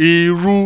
Irú